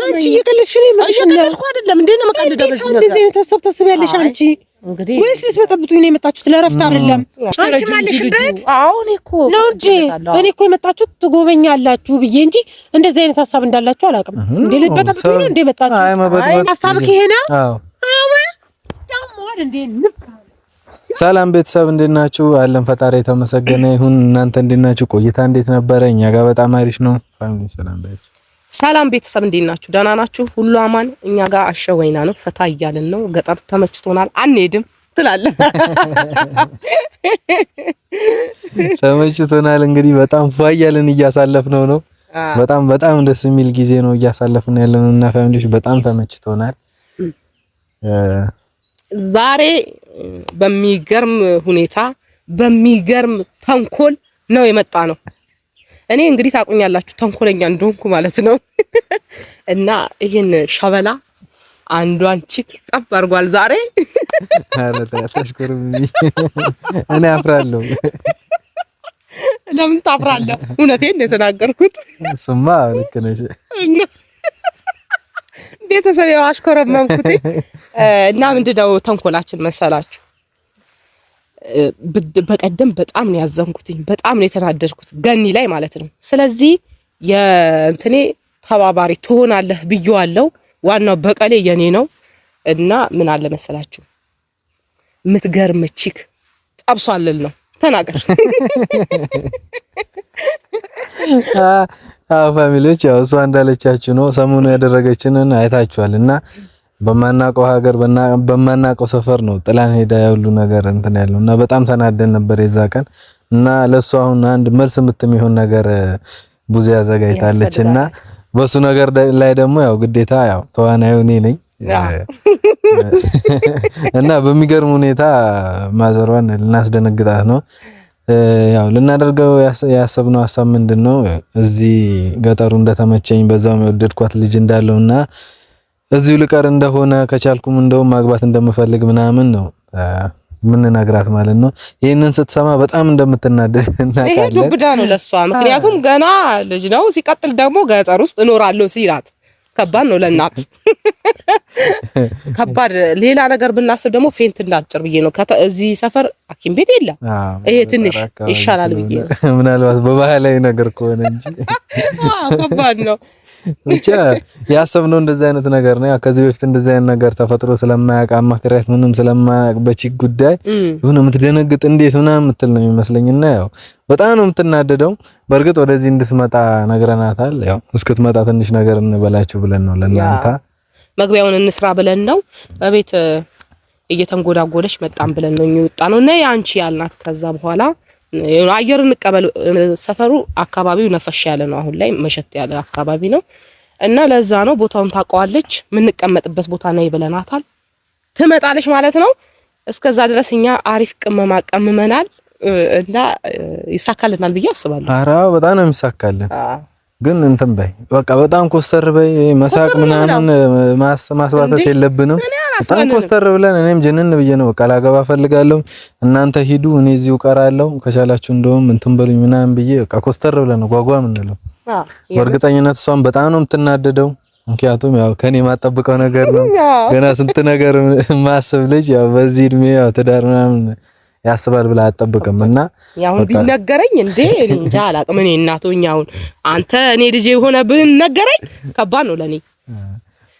አንቺ እየቀለድሽ ነው። እየቀለድኩ አይደለም። እንዴት ነው መቀለደው? በዚህ እንደዚህ አይነት ሀሳብ ታስቢያለሽ አንቺ? እንግዲህ ወይስ ልትበጠብጡኝ ነው የመጣችሁት? ለእረፍት አይደለም። አንቺ ማለሽበት አሁን እኮ ነው እንጂ እኔ እኮ የመጣችሁት ትጎበኛላችሁ ብዬ እንጂ እንደዚህ አይነት ሀሳብ እንዳላችሁ አላውቅም። እንዴ ልትበጠብጡኝ ነው እንዴ መጣችሁ? ሀሳብ ከሄና ሰላም ቤተሰብ እንዴት ናችሁ? አለን ፈጣሪ የተመሰገነ ይሁን። እናንተ እንዴት ናችሁ? ቆይታ እንዴት ነበረ? እኛ ጋር በጣም አሪፍ ነው። ፋሚሊ ሰላም ቤተሰብ ሰላም ቤተሰብ እንዴት ናችሁ? ደህና ናችሁ? ሁሉ አማን? እኛ ጋር አሸ ወይና ነው፣ ፈታ እያልን ነው። ገጠር ተመችቶናል፣ አንሄድም ትላለ። ተመችቶናል። እንግዲህ በጣም ፏ እያልን እያሳለፍነው ነው። በጣም በጣም ደስ የሚል ጊዜ ነው እያሳለፍን ያለን እና ፋሚሊዎች በጣም ተመችቶናል። ዛሬ በሚገርም ሁኔታ በሚገርም ተንኮል ነው የመጣ ነው እኔ እንግዲህ ታቁኛላችሁ ተንኮለኛ እንደሆንኩ ማለት ነው። እና ይሄን ሸበላ አንዷን ቺክ ጠብ አድርጓል ዛሬ። ኧረ ታሽኮርም እኔ አፍራለሁ። ለምን ታፍራለህ? እውነቴን ነው የተናገርኩት። እሱማ ልክ ነሽ። ቤተሰብ ያው አሽኮረመምኩት እና ምንድነው ተንኮላችን መሰላችሁ በቀደም በጣም ነው ያዘንኩትኝ፣ በጣም ነው የተናደድኩት ገኒ ላይ ማለት ነው። ስለዚህ የእንትኔ ተባባሪ ትሆናለህ ብዬዋለሁ። ዋናው በቀሌ የኔ ነው እና ምን አለ መሰላችሁ ምትገርም ቺክ ጠብሶ ነው ተናገር ፋሚሊዎች፣ ያው እሷ እንዳለቻችሁ ነው። ሰሞኑ ያደረገችንን አይታችኋል እና በማናቀው ሀገር በማናቀው ሰፈር ነው ጥላን ሄዳ ያሉ ነገር እንትን ያለው እና በጣም ተናደን ነበር የዛ ቀን እና ለሱ አሁን አንድ መልስ የምትሆን ነገር ቡዜ አዘጋጅታለች እና በሱ ነገር ላይ ደግሞ ያው ግዴታ ያው ተዋናዩ እኔ ነኝ እና በሚገርም ሁኔታ ማዘሯን ልናስደነግጣት ነው። ያው ልናደርገው ያሰብነው ሀሳብ ምንድን ነው? እዚህ ገጠሩ እንደተመቸኝ በዛውም የወደድኳት ልጅ እንዳለውና እዚሁ ልቀር እንደሆነ ከቻልኩም እንደውም ማግባት እንደምፈልግ ምናምን ነው ምንነግራት ማለት ነው። ይህንን ስትሰማ በጣም እንደምትናደድ እናቃለን። ይሄ ዱብዳ ነው ለሷ፣ ምክንያቱም ገና ልጅ ነው። ሲቀጥል ደግሞ ገጠር ውስጥ እኖራለሁ ሲላት ከባድ ነው ለእናት ከባድ። ሌላ ነገር ብናስብ ደግሞ ፌንት እንዳጭር ብዬ ነው። እዚህ ሰፈር ሐኪም ቤት የለም። ይሄ ትንሽ ይሻላል ብዬ ምናልባት በባህላዊ ነገር ከሆነ እንጂ ከባድ ነው። ብቻ ያሰብነው እንደዚህ አይነት ነገር ነው። ከዚህ በፊት እንደዚህ አይነት ነገር ተፈጥሮ ስለማያውቅ አማክሪያት ምንም ስለማያውቅ ጉዳይ ይሁን የምትደነግጥ እንዴት ምናምን የምትል ነው የሚመስለኝና ያው በጣም ነው የምትናደደው። በእርግጥ ወደዚህ እንድትመጣ ነግረናታል። ያው እስክትመጣ ትንሽ ነገር እንበላችሁ ብለን ነው ለእናንተ መግቢያውን እንስራ ብለን ነው በቤት እየተንጎዳጎደች መጣን ብለን ነው የሚወጣ ነው እና ያንቺ ያልናት ከዛ በኋላ አየር እንቀበል ሰፈሩ አካባቢው ነፈሻ ያለ ነው። አሁን ላይ መሸት ያለ አካባቢ ነው እና ለዛ ነው ቦታውን ታውቀዋለች። የምንቀመጥበት ቦታ ነው ይብለናታል። ትመጣለች ማለት ነው። እስከዛ ድረስ እኛ አሪፍ ቅመማ ቀምመናል እና ይሳካልናል ብዬ አስባለሁ። ኧረ በጣም ነው የሚሳካልን። ግን እንትን በይ በቃ በጣም ኮስተር በይ መሳቅ ምናምን ማስባተት የለብንም። አሁን ኮስተር ብለን እኔም ጀነን ብዬ ነው በቃ ላገባ ፈልጋለሁ፣ እናንተ ሂዱ፣ እኔ እዚሁ ቀራለሁ፣ ከቻላችሁ እንደውም እንትን በሉኝ ምናምን ብዬ በቃ ኮስተር ብለን ነው ጓጓ የምንለው። በእርግጠኝነት እሷን በጣም ነው የምትናደደው። ምክንያቱም ያው ከኔ የማጠብቀው ነገር ነው። ገና ስንት ነገር ማስብ ልጅ ያው በዚህ እድሜ ያው ትዳር ምናምን ያስባል ብላ አጠብቅም እና ያሁን ቢነገረኝ እንዴ እንጃ አላቅም። እኔ እናቶኝ አሁን አንተ እኔ ልጅ የሆነ ብን ነገረኝ ከባድ ነው ለኔ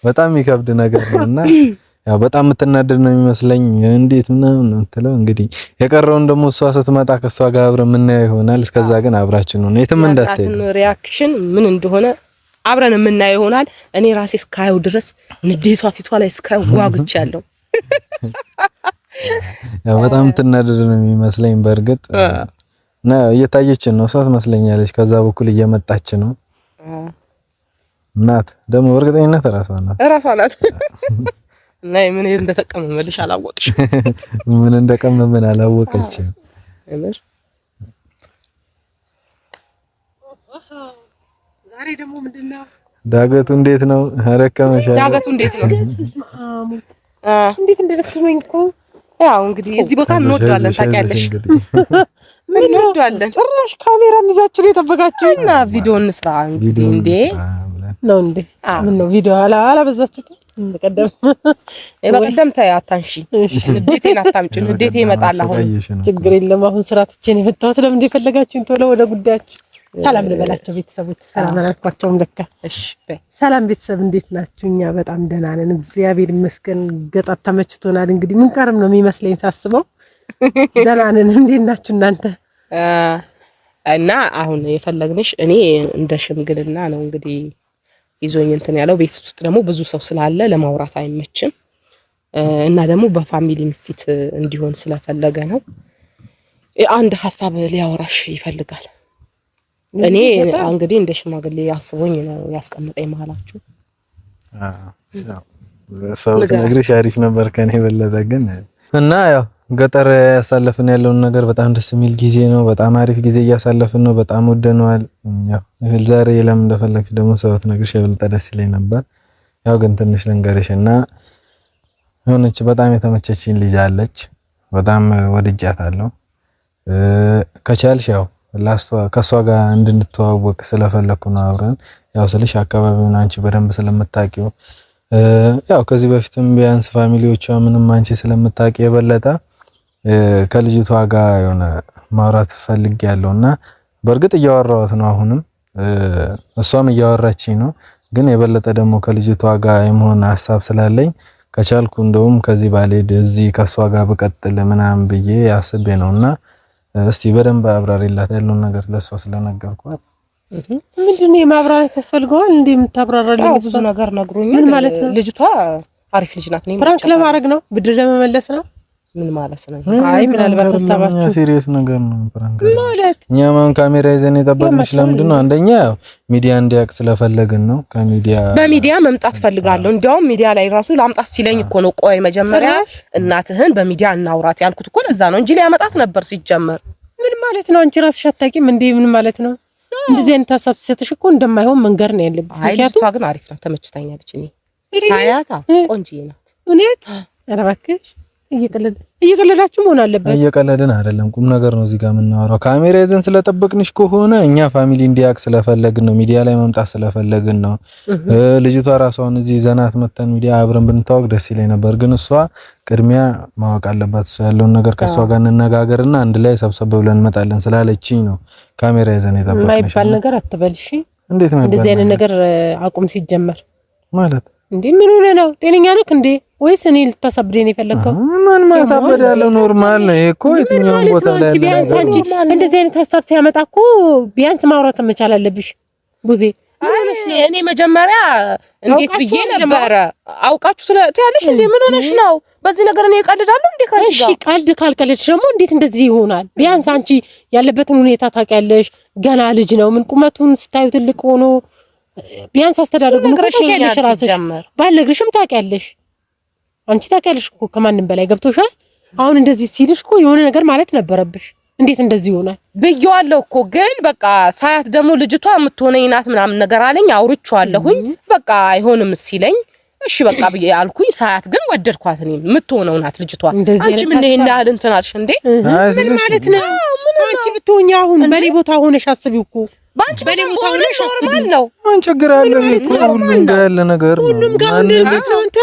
በጣም የሚከብድ ነገር ነውና ያው በጣም የምትናደድ ነው የሚመስለኝ። እንዴት ምናምን የምትለው እንግዲህ የቀረውን ደግሞ እሷ ስትመጣ ከእሷ ጋር አብረን የምናየው ይሆናል። እስከዛ ግን አብራችን ነው የትም እንዳትሄድ። ሪያክሽን ምን እንደሆነ አብረን የምናየው ይሆናል። እኔ ራሴ እስካየው ድረስ ንዴቷ ፊቷ ላይ እስካየው ጓጉቻለሁ። ያው በጣም የምትናደድ ነው የሚመስለኝ በእርግጥ እና እየታየችን ነው እሷ ትመስለኛለች። ከዛ በኩል እየመጣች ነው እናት ደግሞ በእርግጠኝነት እራሷ ናት እራሷ ናት። እና ምን እንደተቀመመልሽ አላወቅሽ። ምን እንደቀመመን አላወቀችም። ዛሬ ደግሞ ምንድነው ዳገቱ? እንዴት ነው አረከመሽ? ዳገቱ እንዴት ነው? እንዴት እንደደከመኝ እኮ ያው እንግዲህ እዚህ ቦታ እንወዳለን፣ ታውቂያለሽ። ምን እንወዳለን። ጭራሽ ካሜራ ይዛችሁ ነው የጠበቃችሁ። እና ቪዲዮ እንስራ እንግዲህ። እንዴ ነው እንዴ? ምን ነው ቪዲዮ አላ አላ በዛችሁት በቀደም በቀደም ተይ አታንሺ፣ ንዴቴን አታምጪ። ንዴቴ ይመጣል። አሁን ችግር የለም። አሁን ስራ ትቼ የመጣሁት። ለምን የፈለጋችሁኝ? ቶሎ ወደ ጉዳያችሁ። ሰላም ልበላቸው ቤተሰቦች። ሰላም አላልኳቸውም ለካ። እሺ ሰላም ቤተሰብ፣ እንዴት ናችሁ? እኛ በጣም ደህና ነን፣ እግዚአብሔር ይመስገን። ገጠር ተመችቶናል። እንግዲህ ምን ቀርም ነው የሚመስለኝ ሳስበው። ደህና ነን። እንዴት ናችሁ እናንተ? እና አሁን የፈለግንሽ እኔ እንደ ሽምግልና ነው እንግዲህ ይዞኝ እንትን ያለው ቤት ውስጥ ደግሞ ብዙ ሰው ስላለ ለማውራት አይመችም እና ደግሞ በፋሚሊም ፊት እንዲሆን ስለፈለገ ነው። አንድ ሀሳብ ሊያወራሽ ይፈልጋል። እኔ እንግዲህ እንደ ሽማግሌ አስቦኝ ነው ያስቀምጠኝ መሀላችሁ። ሰው ነግሬሽ አሪፍ ነበር ከኔ የበለጠ ግን እና ያው ገጠር ያሳለፍን ያለውን ነገር በጣም ደስ የሚል ጊዜ ነው። በጣም አሪፍ ጊዜ እያሳለፍን ነው። በጣም ወደነዋል። ዛሬ ለምን እንደፈለግሽ ደግሞ ሰበት ነግርሽ የበለጠ ደስ ይለኝ ነበር። ያው ግን ትንሽ ልንገርሽ እና የሆነች በጣም የተመቸችኝ ልጅ አለች። በጣም ወድጃታለሁ። ከቻልሽ ያው ከእሷ ጋር እንድንተዋወቅ ስለፈለኩ ነው። አብረን ያው ስልሽ አካባቢውን አንቺ በደንብ ስለምታውቂው ያው ከዚህ በፊትም ቢያንስ ፋሚሊዎቿ ምንም አንቺ ስለምታውቂ የበለጠ ከልጅቷ ጋር የሆነ ማውራት ፈልግ ያለው እና በእርግጥ እያወራኋት ነው። አሁንም እሷም እያወራችኝ ነው። ግን የበለጠ ደግሞ ከልጅቷ ጋር የመሆን ሀሳብ ስላለኝ ከቻልኩ እንደውም ከዚህ ባልሄድ እዚህ ከእሷ ጋር ብቀጥል ምናምን ብዬ አስቤ ነው እና እስቲ በደንብ አብራሪላት ያለውን ነገር ለእሷ ስለነገርኳት ምንድን ነው የማብራራት ያስፈልገዋል? እንደ የምታብራራልኝ ብዙ ነገር ነግሮኛል። ምን ማለት ነው? ልጅቷ አሪፍ ልጅ ናት። ፕራንክ ለማድረግ ነው፣ ብድር ለመመለስ ነው ምን ማለት ነው? አይ ምናልባት ሀሳባችሁ ሲሪየስ ነገር ነው ማለት እኛ ማን ካሜራ ይዘን የጠበቅንሽ ለምንድን ነው? አንደኛ ሚዲያ እንዲያውቅ ስለፈለግን ነው። ከሚዲያ በሚዲያ መምጣት ፈልጋለሁ። እንዲያውም ሚዲያ ላይ ራሱ ላምጣት ሲለኝ እኮ ነው። ቆይ መጀመሪያ እናትህን በሚዲያ እናውራት ያልኩት እኮ ለዛ ነው እንጂ ሊያመጣት ነበር ሲጀመር። ምን ማለት ነው? አንቺ ራስሽ አታውቂም እንዴ? ምን ማለት ነው? እንደዚህ አይነት ሀሳብ ሲሰጥሽ እኮ እንደማይሆን መንገር ነው ያለብሽ። ምክንያቱም ግን አሪፍ ነው፣ ተመችታኛለች። እኔ ሳያታ ቆንጆ ናት። እውነት እባክሽ እየቀለዳችሁ መሆን አለበት። እየቀለድን አይደለም፣ ቁም ነገር ነው እዚህ ጋር የምናወራው። ካሜራ ይዘን ስለጠበቅንሽ ከሆነ እኛ ፋሚሊ እንዲያውቅ ስለፈለግን ነው፣ ሚዲያ ላይ መምጣት ስለፈለግን ነው። ልጅቷ ራሷን እዚህ ዘናት መተን ሚዲያ አብረን ብንታወቅ ደስ ይለኝ ነበር፣ ግን እሷ ቅድሚያ ማወቅ አለባት። እሷ ያለውን ነገር ከእሷ ጋር እንነጋገርና አንድ ላይ ሰብሰብ ብለን እንመጣለን ስላለችኝ ነው ካሜራ ይዘን የጠበቅንሽ። የማይባል ነገር አትበልሽ። እንዴት ነው እንደዚህ አይነት ነገር አቁም ሲጀመር ማለት እንዴ? ምን ሆነ ነው? ጤነኛ ነክ እንዴ? ወይስ እኔ ልታሳብደኝ የፈለግከው? ምን ማሳበድ ያለው ኖርማል ነው እኮ የትኛውም ቦታ ላይ ቢያንስ አንቺ እንደዚህ አይነት ሀሳብ ሲያመጣ እኮ ቢያንስ ማውራት መቻል አለብሽ ቡዜ። እኔ መጀመሪያ እንዴት ብዬ ነበረ አውቃችሁ ትያለሽ እንዴ? ምን ሆነሽ ነው በዚህ ነገር እኔ እቀልዳለሁ እንዴ ካንቺ ጋር? እሺ ቀልድ ካልቀለድሽ ደግሞ እንዴት እንደዚህ ይሆናል? ቢያንስ አንቺ ያለበትን ሁኔታ ታውቂያለሽ። ገና ልጅ ነው። ምን ቁመቱን ስታዩ ትልቅ ሆኖ ቢያንስ አስተዳደጉ ነው። ከራስሽ ባለግሽም ታውቂያለሽ አንቺ ታውቂያለሽ እኮ ከማንም በላይ ገብቶሻል። አሁን እንደዚህ ሲልሽ እኮ የሆነ ነገር ማለት ነበረብሽ። እንዴት እንደዚህ ይሆናል ብየዋለሁ እኮ ግን በቃ ሳያት ደግሞ ልጅቷ የምትሆነኝ ናት ምናምን ነገር አለኝ። አውርቼዋለሁኝ በቃ አይሆንም ሲለኝ እሺ በቃ ብዬ አልኩኝ። ሳያት ግን ወደድኳት። እኔ የምትሆነው ናት ልጅቷ። አንቺ ምን ይሄን ያህል እንትን አልሽ እንዴ? ምን ማለት ነው? አንቺ ብትሆኝ አሁን በኔ ቦታ ሆነሽ አስቢ እኮ ባንቺ በኔ ቦታ ሆነሽ አስቢ ነው። ምን ችግር አለ? ሁሉም ጋር ያለ ነገር ነው። ሁሉም ጋር ነው አንተ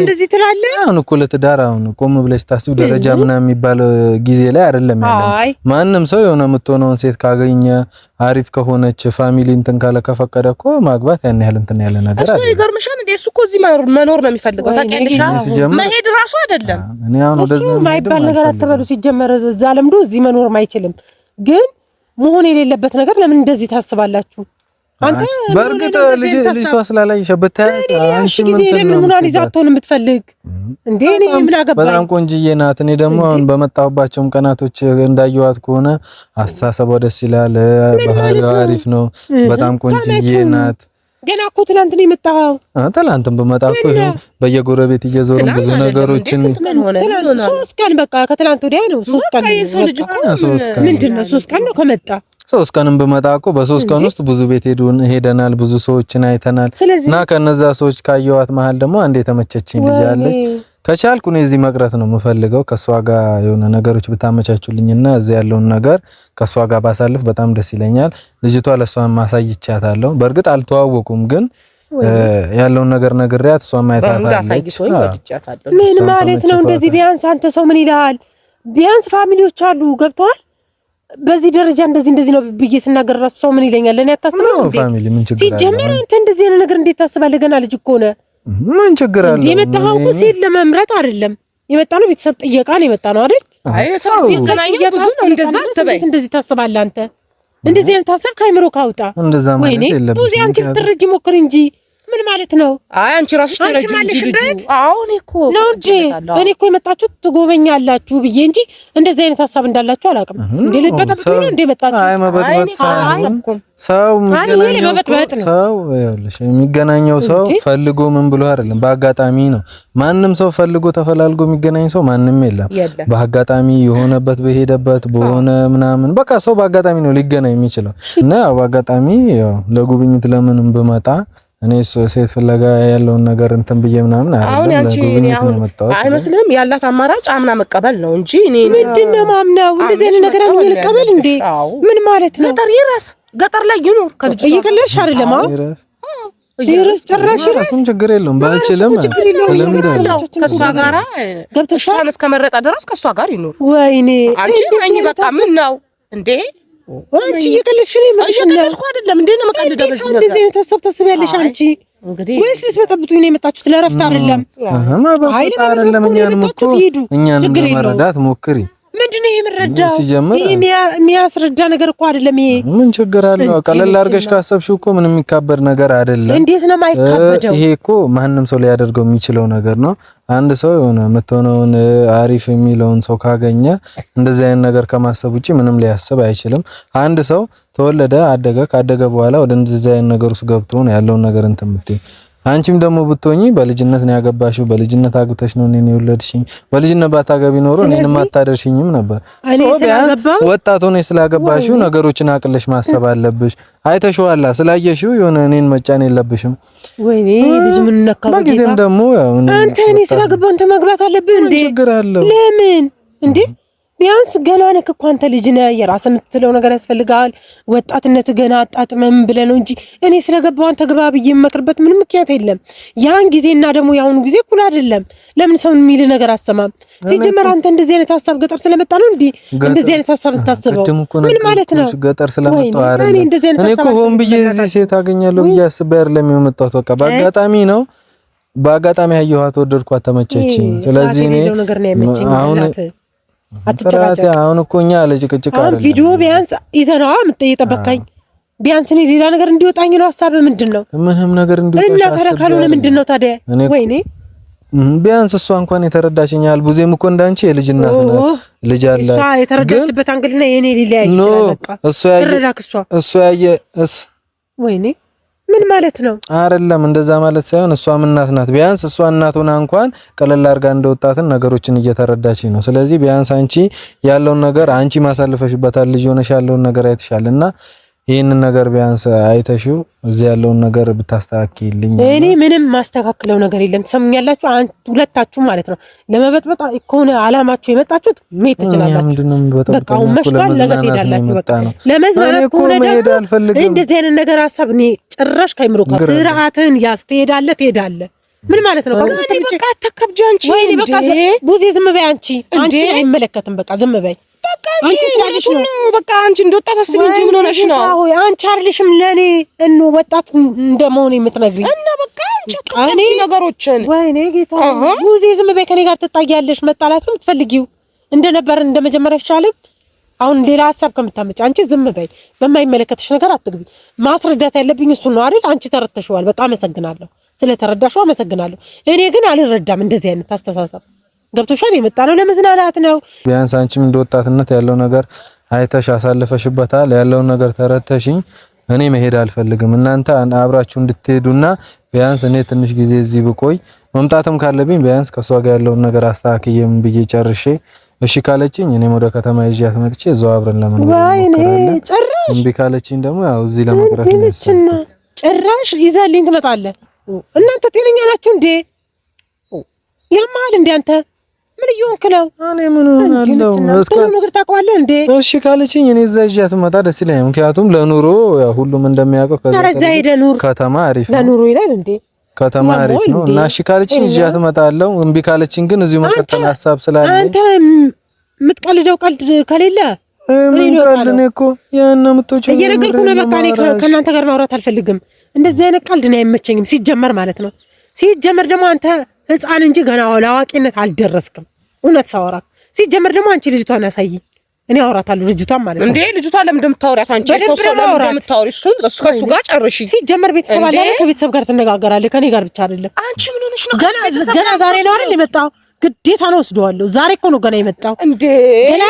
እንደዚህ ትላለህ። አሁን እኮ ለትዳር አሁን ቆም ብለሽ ታስቢ ደረጃ ምናምን የሚባል ጊዜ ላይ አይደለም ያለ። ማንም ሰው የሆነ የምትሆነውን ሴት ካገኘ አሪፍ ከሆነች ፋሚሊ እንትን ካለ ከፈቀደ እኮ ማግባት ያን ያህል እንትን ያለ ነገር አይደለም። እሱ ይገርምሻል እንዴ! እሱ እኮ እዚህ መኖር ነው የሚፈልገው ታውቂያለሽ። መሄድ ራሱ አይደለም። እኔ አሁን ወደዛ የማይባል ነገር አትበሉ። ሲጀመር እዛ ለምዶ እዚህ መኖርም አይችልም። ግን መሆን የሌለበት ነገር ለምን እንደዚህ ታስባላችሁ? አንተ በእርግጥ ልጅ ልጅቷ ስላላይ አንቺ ምን የምትፈልግ እንዴ? እኔ ምን አገባኝ። በጣም ቆንጅዬ ናት። እኔ ደግሞ አሁን በመጣሁባቸውም ቀናቶች እንዳየዋት ከሆነ አስተሳሰቧ ደስ ይላል። ባህሪዋ አሪፍ ነው። በጣም ቆንጅዬ ናት። ገና እኮ ትላንት ነው የመጣኸው። ትላንትም በመጣ እኮ በየጎረቤት እየዞሩ ብዙ ነገሮችን ሶስት ቀን በቃ ከትላንት ወዲያ ነው። ሶስት ቀን ምንድን ነው ሶስት ቀን ነው ከመጣ ሶስት ቀንም ብመጣ እኮ በሶስት ቀን ውስጥ ብዙ ቤት ሄደናል፣ ብዙ ሰዎችን አይተናል። እና ከነዛ ሰዎች ካየዋት መሀል ደግሞ አንድ የተመቸችኝ ልጅ አለች ከቻልኩ እኔ እዚህ መቅረት ነው የምፈልገው። ከእሷ ጋር የሆነ ነገሮች ብታመቻቹልኝና እዚህ ያለውን ነገር ከእሷ ጋር ባሳልፍ በጣም ደስ ይለኛል። ልጅቷ ለእሷ ማሳይቻታለሁ። በእርግጥ አልተዋወቁም ግን ያለውን ነገር ነግሬያት እሷ ማየታታለች። ምን ማለት ነው እንደዚህ? ቢያንስ አንተ ሰው ምን ይልሃል? ቢያንስ ፋሚሊዎች አሉ ገብተዋል። በዚህ ደረጃ እንደዚህ እንደዚህ ነው ብዬ ስናገር ራሱ ሰው ምን ይለኛል? ለእኔ አታስበው። ፋሚሊ ምን ችግር ሲጀመር አንተ እንደዚህ አይነት ነገር እንዴት ታስባለህ? ገና ልጅ እኮ ነህ ምን ችግር አለ? የመጣኸው እኮ ሴት ለመምረጥ አይደለም። የመጣ ነው ቤተሰብ ጥየቃ ነው የመጣ ነው አይደል? አይ ሰው እንደዚህ ታስባለህ አንተ። እንደዚህ አይነት ሀሳብ ከአይምሮ ካውጣ። ወይኔ ብዙ አንቺ ልትረጅ ሞክር እንጂ ምን ማለት ነው? አይ አንቺ ራስሽ ታላጅበት። አዎ እኔ እኮ ነው እንጂ እኔ እኮ የመጣችሁት ትጎበኛላችሁ ብዬ እንጂ እንደዚህ አይነት ሀሳብ እንዳላችሁ አላውቅም። እንዴ ልበጣጥኩ ነው እንዴ መጣችሁ? አይ መበጥበጥ ሰው ሰው የሚገናኘው ሰው ፈልጎ ምን ብሎ አይደለም፣ በአጋጣሚ ነው። ማንም ሰው ፈልጎ ተፈላልጎ የሚገናኝ ሰው ማንም የለም። በአጋጣሚ የሆነበት በሄደበት በሆነ ምናምን በቃ ሰው በአጋጣሚ ነው ሊገናኝ የሚችለው እና በአጋጣሚ ያው ለጉብኝት ለምንም ብመጣ እኔ እሱ ሴት ፍለጋ ያለውን ነገር እንትን ብዬ ምናምን አሁን ያቺ አይመስልም ያላት አማራጭ አምና መቀበል ነው እንጂ እኔ ምንድነው ማምናው እንደዚህ አይነት ነገር አምኜ ልቀበል እንዴ? ምን ማለት ነው? ገጠር ይራስ ገጠር ላይ ይኖር ከልጅ እየቀለድሽ አይደለም። ይራስ ጭራሽ ይራስ ችግር የለውም ባልችልም ከእሷ ጋራ ገብተሽ እስከመረጣ ድረስ ከእሷ ጋር ይኖር። ወይኔ አንቺ ነኝ በቃ ምን ነው እንዴ አንቺ እየቀለድሽ ነው ማለት እየቀለድኩ አይደለም። እንዴት ነው መቀለድ? እንደዚህ አይነት ሀሳብ ታስቢያለሽ አንቺ ወይስ ልትበጠብጡኝ ነው የመጣችሁት? ለእረፍት አይደለም። አይ ለምን አይደለም? እኛን እኮ እኛን መረዳት ሞክሪ ምንድን ነው የምረዳው? ሲጀምር የሚያስረዳ ነገር እኮ አይደለም ይሄ። ምን ችግር አለው? ቀለል አድርገሽ ካሰብሽው እኮ ምንም የሚካበድ ነገር አይደለም። እንዴት ነው የማይካበደው? ይሄ እኮ ማንም ሰው ሊያደርገው የሚችለው ነገር ነው። አንድ ሰው የሆነ የምትሆነውን አሪፍ የሚለውን ሰው ካገኘ እንደዚህ አይነት ነገር ከማሰብ ውጪ ምንም ሊያስብ አይችልም። አንድ ሰው ተወለደ፣ አደገ። ካደገ በኋላ ወደ እንደዚህ አይነት ነገር ውስጥ ገብቶ ነው ያለውን ነገር እንትን የምትይው አንቺም ደግሞ ብትሆኚ በልጅነት ነው ያገባሽው፣ በልጅነት አግብተሽ ነው እኔን የወለድሽኝ። በልጅነት ባታገቢ ኖሮ እኔንም አታደርሽኝም ነበር። ወጣት ሆነሽ ስላገባሽው ነገሮችን አቅለሽ ማሰብ አለብሽ። አይተሽዋላ፣ ስላየሽው የሆነ እኔን መጫን የለብሽም። ወይኔ ልጅ ምን ነካው? በጊዜም ደግሞ ያው አንተ እኔ ስላገባሁ አንተ መግባት አለብህ እንዴ? ችግር አለው ለምን እንዴ ቢያንስ ገና ነክ እኮ አንተ ልጅ ነህ፣ የራስ የምትለው ነገር ያስፈልጋል። ወጣትነት ገና አጣጥመም ብለህ ነው እንጂ እኔ ስለገባው አንተ ግባ ብዬ የመክርበት ምንም ምክንያት የለም። ያን ጊዜና ደግሞ የአሁኑ ጊዜ እኩል አይደለም። ለምን ሰው የሚል ነገር አሰማም? ሲጀመር አንተ እንደዚህ አይነት ሀሳብ ገጠር ስለመጣ ነው እንዲህ እንደዚህ አይነት ሀሳብ የምታስበው ምን ማለት ነው? ገጠር ስለመጣ አይደለም። እኔ እኮ ሆን ብዬ እዚህ ሴት አገኛለሁ ብዬ አስቤ አይደለም የመጣሁት። በቃ በአጋጣሚ ነው በአጋጣሚ ያየኋት፣ ወደድኳት፣ ተመቸችኝ። ስለዚህ እኔ አሁን አሁን እኮ እኛ ለጭቅጭቅ አይደለም። ቪዲዮ ቢያንስ ይዘነዋ የጠበቅከኝ ቢያንስ እኔ ሌላ ነገር እንዲወጣኝ ነው ሀሳብ ምንድን ነው? ምንም ነገር እንዲወጣ እና ታዲያ ካልሆነ ምንድን ነው ታዲያ? ወይኔ ቢያንስ እሷ እንኳን የተረዳሽኝ ብዙም እኮ እንዳንቺ የልጅ እናት ናት፣ ልጅ አላት። እሷ የተረዳችበት አንግልና የኔ ሊለያይ ይችላል። በቃ እሷ ያየ እሷ ያየ እስ ወይኔ ምን ማለት ነው? አይደለም እንደዛ ማለት ሳይሆን እሷም እናት ናት። ቢያንስ እሷ እናት ሆና እንኳን ቀለል አድርጋ እንደወጣትን ነገሮችን እየተረዳች ነው። ስለዚህ ቢያንስ አንቺ ያለውን ነገር አንቺ ማሳልፈሽበታል፣ ልጅ ሆነሽ ያለውን ነገር አይተሻልና ይህንን ነገር ቢያንስ አይተሽው እዚህ ያለውን ነገር ብታስተካክልኝ። እኔ ምንም ማስተካክለው ነገር የለም። ትሰሙኛላችሁ? ሁለታችሁ ማለት ነው። ለመበጥበጥ ከሆነ አላማችሁ የመጣችሁት መሄድ ትችላላችሁ። በቃ መሽቷል፣ ነገ ትሄዳላችሁ። ለመዝናናት ከሆነ ደግሞ እንደዚህ አይነት ነገር ሀሳብ እኔ ጭራሽ ከአይምሮ ጋር ስርዓትን ያዝ። ትሄዳለህ ትሄዳለህ ምን ማለት ነው? በቃ ተከብጂ አንቺ። ወይኔ በቃ ቡዜ ዝም በይ አንቺ። አንቺ አይመለከትም። በቃ ዝም በይ በቃ አንቺ ሁሉ በቃ አንቺ እንደወጣት አስቢ እንጂ ምን ሆነሽ ነው? አንቺ አይደለሽም ለኔ እኑ ወጣት እንደመሆን የምትነግሪኝ እና በቃ አንቺ አጥቃኒ ነገሮችን ወይኔ ጌታ ሙዚ ዝም በይ ከኔ ጋር ትታያለሽ። መጣላትም ትፈልጊው እንደነበር እንደመጀመሪያ ይሻልም። አሁን ሌላ ሀሳብ ከምታመጭ አንቺ ዝም በይ። በማይመለከትሽ ነገር አትግቢ። ማስረዳት ያለብኝ እሱ ነው አይደል? አንቺ ተረድተሽዋል። በጣም አመሰግናለሁ። ስለተረዳሽው አመሰግናለሁ። እኔ ግን አልረዳም እንደዚህ አይነት አስተሳሰብ ገብቶሻል። የመጣ ነው ለመዝናናት ነው። ቢያንስ አንቺም እንደ ወጣትነት ያለው ነገር አይተሽ አሳልፈሽበታል። ያለውን ነገር ተረተሽኝ እኔ መሄድ አልፈልግም። እናንተ አብራችሁ እንድትሄዱና ቢያንስ እኔ ትንሽ ጊዜ እዚህ ብቆይ መምጣትም ካለብኝ ቢያንስ ከሷ ጋር ያለውን ነገር አስተካክዬም ብዬ ጨርሼ እሺ ካለችኝ እኔም ወደ ከተማ ይዣት መጥቼ እዛው አብረን ለምን ጨራሽ እምቢ ካለችኝ ደግሞ ያው እዚህ ለመቅረት ነው። ጭራሽ ይዘህልኝ ትመጣለህ። እናንተ ጤነኛ ናችሁ እንዴ? ያማል እንዴ አንተ ምን እየሆንክ ነው? እኔ ምን ሆናለሁ? ነገር ታውቀዋለህ እንዴ? እሺ ካለችኝ እኔ እዛ ይዣት መጣ ደስ ይለኛል። ምክንያቱም ለኑሮ ሁሉም እንደሚያውቀው ከተማ አሪፍ ነው፣ ለኑሮ ይላል እንዴ? ከተማ አሪፍ ነው እና እሺ ካለችኝ ይዣት እመጣለሁ። እምቢ ካለችኝ ግን እዚሁ መቀጠል ሀሳብ ስላለኝ አንተ የምትቀልደው ቀልድ ከሌለ ምን ቀልድ ነው እኮ ያን የምትወጪው እየነገርኩህ ነው። በቃ እኔ ከእናንተ ጋር ማውራት አልፈልግም። እንደዚህ አይነት ቀልድ ነው አይመቸኝም፣ ሲጀመር ማለት ነው። ሲጀመር ደግሞ አንተ ህፃን እንጂ ገና ለአዋቂነት አልደረስክም። እውነት ሳወራ ሲጀምር ደግሞ አንቺ ልጅቷን ያሳይ እኔ አወራታለሁ። ልጅቷን ማለት ነው እንዴ? ልጅቷ ለምን እንደምታወሪያት አንቺ ሰው ለምን እንደምታወሪ እሱ ከሱ ጋር ጨርሺ። ሲጀመር ቤተሰብ አለ ከቤተሰብ ጋር ትነጋገራለህ፣ ከኔ ጋር ብቻ አይደለም። አንቺ ምን ሆነሽ ነው? ገና ዛሬ ነው አይደል የመጣው ግዴታ ነው ወስደዋለሁ። ዛሬ እኮ ነው ገና የመጣው እንዴ! ገና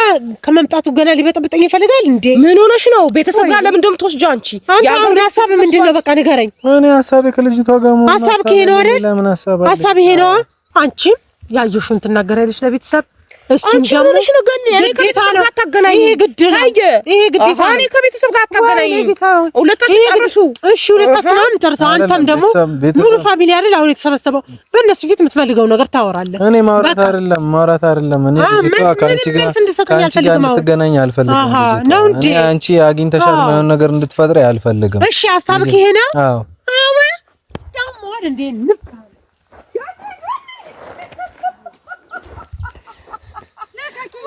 ከመምጣቱ ገና ሊበጠብጠኝ ይፈልጋል እንዴ! ምን ሆነሽ ነው? ቤተሰብ ጋር ለምን ደም እንደምትወስጂው አንቺ? አሁን ሀሳብ ምንድን ነው? በቃ ንገረኝ። እኔ ሀሳቤ ከልጅቷ ጋር ሀሳብ ይሄ ነው አይደል? ሀሳብ ይሄ ነው። አንቺም ያየሽውን ትናገሪያለሽ ለቤተሰብ አንቺ ምንሽ ነው ሙሉ ፋሚሊ አይደል አሁን የተሰበሰበው፣ በእነሱ ፊት የምትፈልገው ነገር ታወራለህ። እኔ ማውራት አይደለም ማውራት አይደለም። እኔ ልጅቷ ከአንቺ ጋር እንድትገናኝ አልፈልግም። ነው አንቺ አግኝተሻል የማይሆን ነገር እንድትፈጥሪ አልፈልግም። እሺ፣ ሀሳብህ ይሄ ነው። አዎ፣ አዎ። ደግሞ አይደል እንዴ?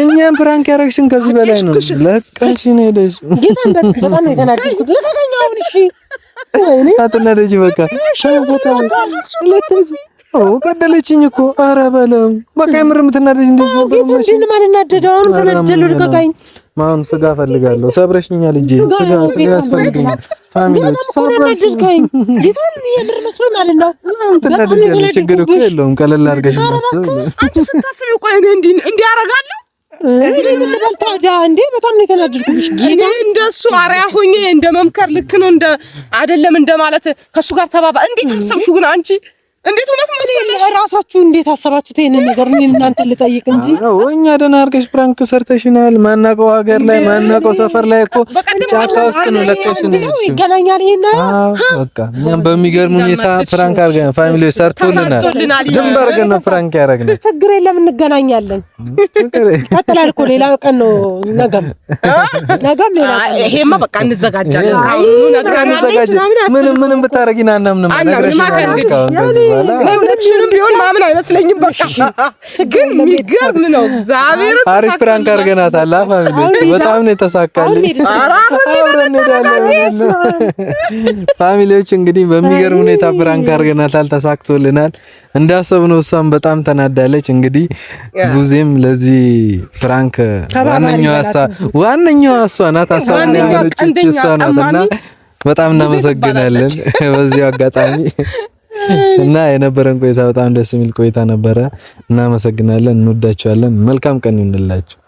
እኛም ፕራንክ ያደረግሽን ከዚህ በላይ ነው። ለቀሽን ሄደሽ አትናደጂ በቃ ገደለችኝ እኮ ኧረ በለው በቃ የምር የምትናደጅ እንደዚህ ማን ስጋ ፈልጋለሁ። ሰብረሽኛል እንጂ ስጋ ስጋ ያስፈልገኛል። ፋሚሊዎች ሰብረሽኛል። ይታን የምር መስሎ ነው። ቀለል አድርገሽ ታስብ። እንዴ በጣም ነው የተናደድኩብሽ። ጌታ እንደ አሪያ ሆኜ እንደ መምከር ልክ ነው እንደ አይደለም እንደ ማለት ከእሱ ጋር ተባባ እንዴት አሰብሽው ግን አንቺ እንዴት እውነት መሰለሽ? ራሳችሁ እንዴት አሰባችሁት ይሄንን ነገር? እኔ እናንተ ልጠይቅ እንጂ እኛ ደህና አድርገሽ ፕራንክ ሰርተሽናል። ማናውቀው ሀገር ላይ ማናውቀው ሰፈር ላይ እኮ ጫካ ውስጥ ነው ለቀሽ ነው ይገናኛል። ይሄን በቃ እኛም በሚገርም ሁኔታ ፕራንክ አድርገን ፋሚሊ ሰርቶልናል። ድንበር ግን ነው ፕራንክ ያደረግነው። ችግር የለም እንገናኛለን። ቀጥላል እኮ ሌላ ቀን ነው። ነገም ነገም ሌላ ቀን ይሄማ በቃ እንዘጋጃለን። ምንም ምንም ብታረጊና እናምንም ነገርሽ ነው ሁለትሽንም ቢሆን ማምን አይመስለኝም። በቃ ግን የሚገርም ነው። እግዚአብሔር አሪፍ ፕራንክ አድርገናታል። ፋሚሊዎች በጣም ነው የተሳካልን። ፋሚሊዎች እንግዲህ በሚገርም ሁኔታ ፕራንክ አድርገናታል፣ ተሳክቶልናል። እንዳሰብነው እሷም በጣም ተናዳለች። እንግዲህ ጉዜም ለዚህ ፕራንክ ዋነኛዋ እሷ ዋነኛዋ እሷ ናት። ሀሳብ ያመነጨችው እሷ ናትና በጣም እናመሰግናለን በዚሁ አጋጣሚ እና የነበረን ቆይታ በጣም ደስ የሚል ቆይታ ነበረ። እናመሰግናለን፣ እንወዳቸዋለን። መልካም ቀን ይሁንላችሁ።